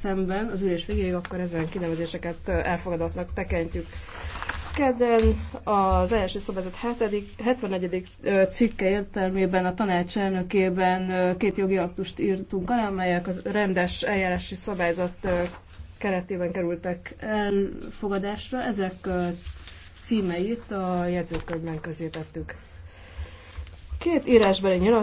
szemben az ülés végéig, akkor ezen kinevezéseket elfogadatnak tekintjük. Kedden az első szabályzat 74. cikke értelmében a tanács elnökében két jogi aktust írtunk alá, amelyek az rendes eljárási szabályzat keretében kerültek elfogadásra. Ezek címeit a jegyzőkönyvben közé tettük. Két írásbeli nyilat